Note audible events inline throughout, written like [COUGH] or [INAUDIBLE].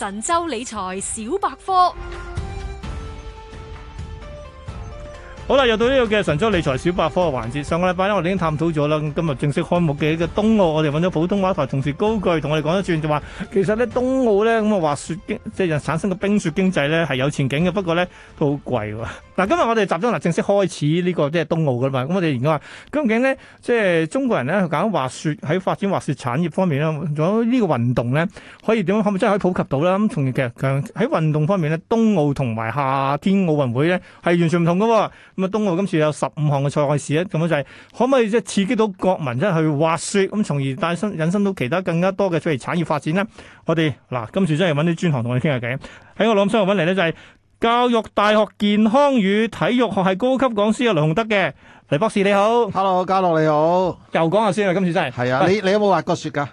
神州理財小百科。好啦，又到呢個嘅神州理財小百科嘅環節。上個禮拜咧，我哋已經探討咗啦。今日正式開幕嘅一個冬奧，我哋揾咗普通話台同事高句同我哋講一轉，就話其實咧冬奧咧，咁啊滑雪即係產生個冰雪經濟咧係有前景嘅，不過咧都好貴喎。嗱，今日我哋集中嚟，正式開始呢個即係冬奧噶啦嘛。咁我哋而家究竟呢，即係中國人咧搞滑雪喺發展滑雪產業方面咧，仲有呢個運動咧可以點樣，可唔可以真係可以普及到啦？咁同其實強喺運動方面咧，冬奧同埋夏天奧運會咧係完全唔同噶。咁啊，冬奧今次有十五項嘅賽事咧，咁樣就係可唔可以即係刺激到國民咧去滑雪，咁從而帶生引申到其他更加多嘅雪業產業發展咧？我哋嗱，今次真係揾啲專項同我哋傾下偈，喺我諗先揾嚟咧就係教育大學健康與體育學系高級講師啊，雷雄德嘅，雷博士你好，Hello，家樂你好，Hello, 你好又講下先啦，今次真係，係啊，Bye. 你你有冇滑過雪噶？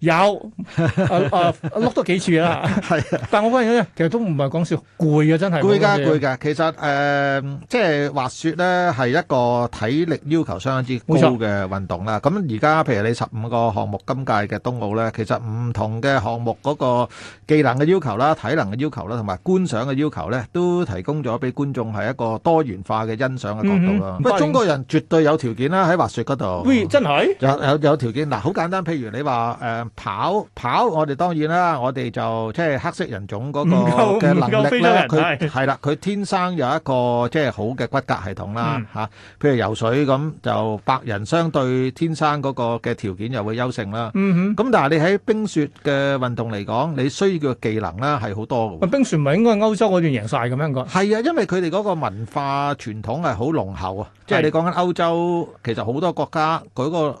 有啊啊，碌多幾次啦，係啊！但係我嗰日咧，其實都唔係講笑，攰啊，真係攰噶攰噶。其實誒，即係滑雪咧，係一個體力要求相當之高嘅運動啦。咁而家譬如你十五個項目，今屆嘅冬奧咧，其實唔同嘅項目嗰個技能嘅要求啦、體能嘅要求啦，同埋觀賞嘅要求咧，都提供咗俾觀眾係一個多元化嘅欣賞嘅角度咯。咁中國人絕對有條件啦，喺滑雪嗰度，真係有有有條件。嗱，好簡單，譬如你話誒。跑跑，跑，我哋當然啦，我哋就即係、就是、黑色人種嗰個嘅能力咧，佢係啦，佢它唉天生有一個即係、就是、好嘅骨骼系統啦嚇、嗯啊。譬如游水咁，就白人相對天生嗰個嘅條件又會優勝啦。嗯哼。咁、嗯嗯、但係你喺冰雪嘅運動嚟講，你需要嘅技能咧係好多嘅。冰雪唔係應該係歐洲嗰邊贏曬嘅咩？應該係啊，因為佢哋嗰個文化傳統係好濃厚啊。即、就、係、是、你講緊歐洲，其實好多國家佢個。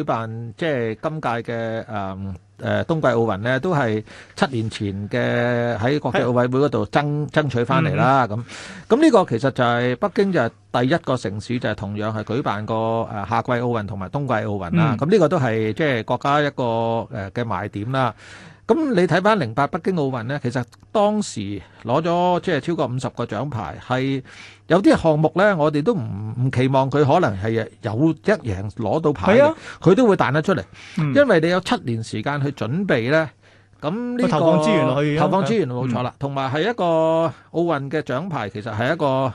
舉辦即係今屆嘅誒誒冬季奧運咧，都係七年前嘅喺國際奧委會嗰度爭的爭取翻嚟啦。咁咁呢個其實就係北京就係第一個城市，就係、是、同樣係舉辦過誒夏季奧運同埋冬季奧運啦。咁呢、嗯、個都係即係國家一個誒嘅賣點啦。咁你睇返零八北京奧運呢，其實當時攞咗即係超過五十個獎牌，係有啲項目呢，我哋都唔唔期望佢可能係有一贏攞到牌。係啊，佢都會彈得出嚟，嗯、因為你有七年時間去準備呢。咁呢、呢個投放資源落去，投放資源冇錯啦，同埋係一個奧運嘅獎牌，其實係一個。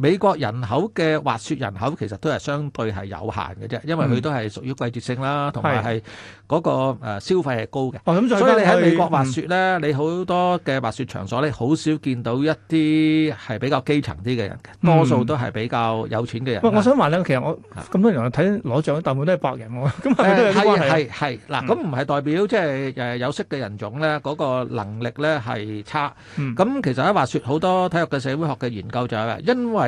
美國人口嘅滑雪人口其實都係相對係有限嘅啫，因為佢都係屬於季節性啦，同埋係嗰個誒消費係高嘅。所以你喺美國滑雪咧，你好多嘅滑雪場所咧，好少見到一啲係比較基層啲嘅人嘅，多數都係比較有錢嘅人。我我想話咧，其實我咁多年我睇攞獎嘅大部分都係白人喎。咁係都係關係。係係係。嗱，咁唔係代表即係誒有色嘅人種咧，嗰個能力咧係差。咁其實喺滑雪好多體育嘅社會學嘅研究就係因為。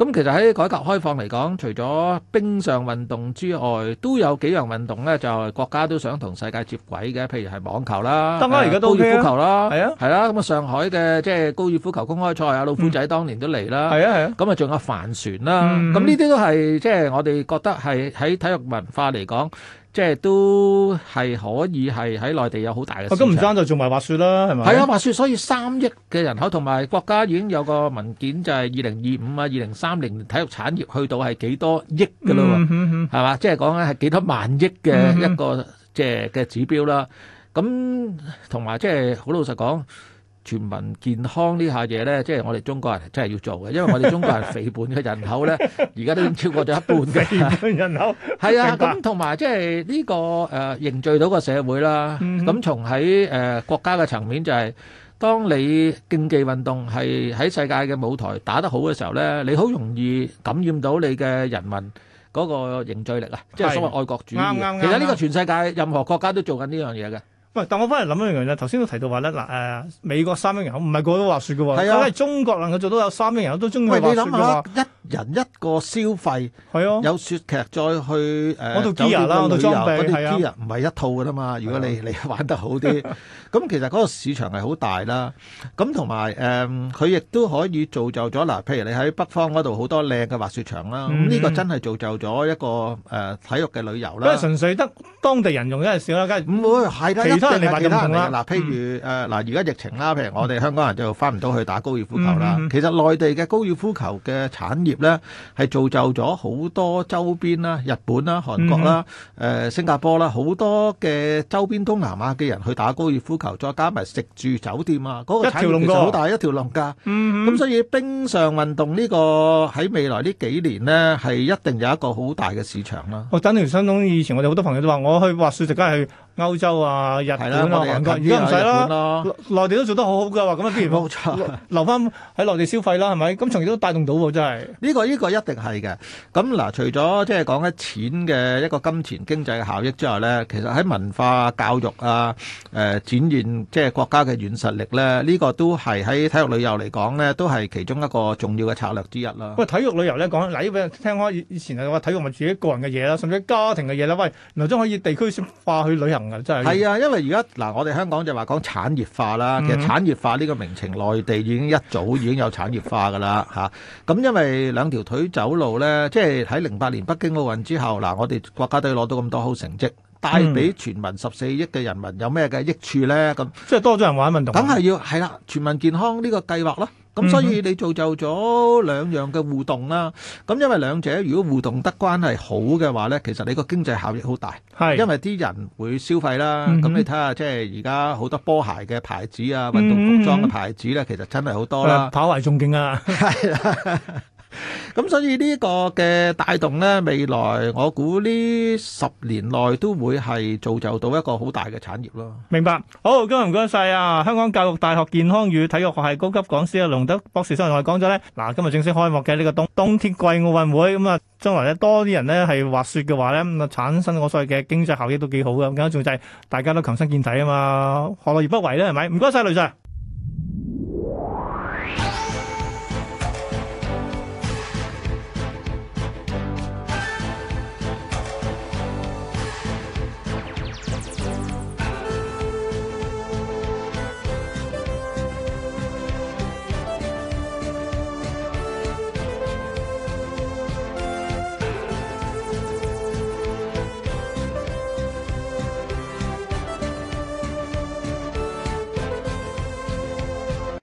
咁、嗯、其實喺改革開放嚟講，除咗冰上運動之外，都有幾樣運動呢，就國家都想同世界接軌嘅，譬如係網球啦，得啦、嗯，而家都高爾夫球啦，係啊，係啦、啊，咁啊上海嘅即係高爾夫球公開賽啊，老虎仔當年都嚟啦，係啊係啊，咁啊仲有帆船啦，咁呢啲都係即係我哋覺得係喺體育文化嚟講。即係都係可以係喺內地有好大嘅市場。咁唔爭就做埋滑雪啦，係咪？係啊，滑雪。所以三億嘅人口同埋國家已經有個文件就，就係二零二五啊、二零三零體育產業去到係幾多億㗎啦？係嘛、嗯？即係講緊係幾多萬億嘅一個即係嘅指標啦。咁同埋即係好老實講。.全民健康呢下嘢呢，即係我哋中國人真係要做嘅，因為我哋中國人肥胖嘅人口呢，而家 [LAUGHS] 都超過咗一半嘅 [LAUGHS] 人口。係啊，咁同埋即係呢個誒、呃、凝聚到個社會啦。咁從喺誒國家嘅層面、就係，就係當你競技運動係喺世界嘅舞台打得好嘅時候呢，你好容易感染到你嘅人民嗰個凝聚力啊！即、就、係、係、所謂愛國主義。的其實呢個全世界任何國家都做緊呢樣嘢嘅。喂，但我翻嚟諗一樣嘢，頭先都提到話咧，嗱、呃、誒，美國三億人口唔係個個都滑雪嘅喎，咁係、啊、中國能夠做到有三億人口都中意滑雪嘅喎。話人一個消費係啊，有雪劇再去誒，嗰度 gear 啦，嗰度裝備，嗰啲 gear 唔係一套噶啦嘛。如果你你玩得好啲，咁其實嗰個市場係好大啦。咁同埋誒，佢亦都可以造就咗嗱，譬如你喺北方嗰度好多靚嘅滑雪場啦。咁呢個真係造就咗一個誒體育嘅旅遊啦。因為純粹得當地人用一嘅少啦，梗係。唔會係其他人嗱，譬如誒嗱，而家疫情啦，譬如我哋香港人就翻唔到去打高爾夫球啦。其實內地嘅高爾夫球嘅產業。咧係造就咗好多周邊啦、日本啦、韓國啦、誒、嗯哼呃、新加坡啦，好多嘅周邊東南亞嘅人去打高爾夫球，再加埋食住酒店啊，嗰、那個產業其實好大一條龍噶。咁、嗯、哼所以冰上運動呢個喺未來呢幾年呢，係一定有一個好大嘅市場啦。我真係想講，以前我哋好多朋友都話，我去滑雪直梗係。歐洲啊、日本啊、韓國、嗯，而家唔使啦，內地都做得好好噶，咁啊，邊唔好留翻喺內地消費啦，係咪、這個？咁從而都帶動到喎，真係。呢個呢個一定係嘅。咁嗱、呃，除咗即係講緊錢嘅一個金錢經濟嘅效益之外咧，其實喺文化、教育啊、誒、呃、展現即係、就是、國家嘅軟實力咧，呢、這個都係喺體育旅遊嚟講咧，都係其中一個重要嘅策略之一啦。喂，體育旅遊咧講嗱，依樣聽開，以前係話體育咪自己個人嘅嘢啦，甚至家庭嘅嘢啦，喂，嚟咗可以地區化去旅遊。係、嗯、啊，因為而家嗱，我哋香港就話講產業化啦。嗯、其實產業化呢個名稱，內地已經一早已經有產業化噶啦吓。咁、 [LAUGHS] 啊嗯、因為兩條腿走路呢，即係喺零八年北京奧運之後，嗱，我哋國家隊攞到咁多好成績，帶俾全民十四億嘅人民有咩嘅益處呢？咁、嗯、那即係多咗人玩運動，梗係要係啦，全民健康呢個計劃咯。咁、嗯、所以你造就咗兩樣嘅互動啦，咁因為兩者如果互動得關係好嘅話呢，其實你個經濟效益好大，係是因為啲人會消費啦。咁、嗯、哼你睇下，即係而家好多波鞋嘅牌子啊，運動服裝嘅牌子呢、啊，嗯、哼其實真係好多啦、啊。跑鞋仲勁啊！ [LAUGHS] [LAUGHS] 咁、嗯、所以個帶呢個嘅帶動咧，未來我估呢十年內都會係造就到一個好大嘅產業咯。明白，好，今日唔該晒啊！香港教育大學健康與體育學系高級講師雷雄德博士生，剛才講咗咧，嗱，今日正式開幕嘅呢個冬冬天季奧運會，咁啊將來咧多啲人咧係滑雪嘅話咧，咁、嗯、啊產生我所謂嘅經濟效益都幾好噶。咁啊，仲就係大家都強身健體啊嘛，何樂而不為咧？係咪？唔該晒，雷 Sir。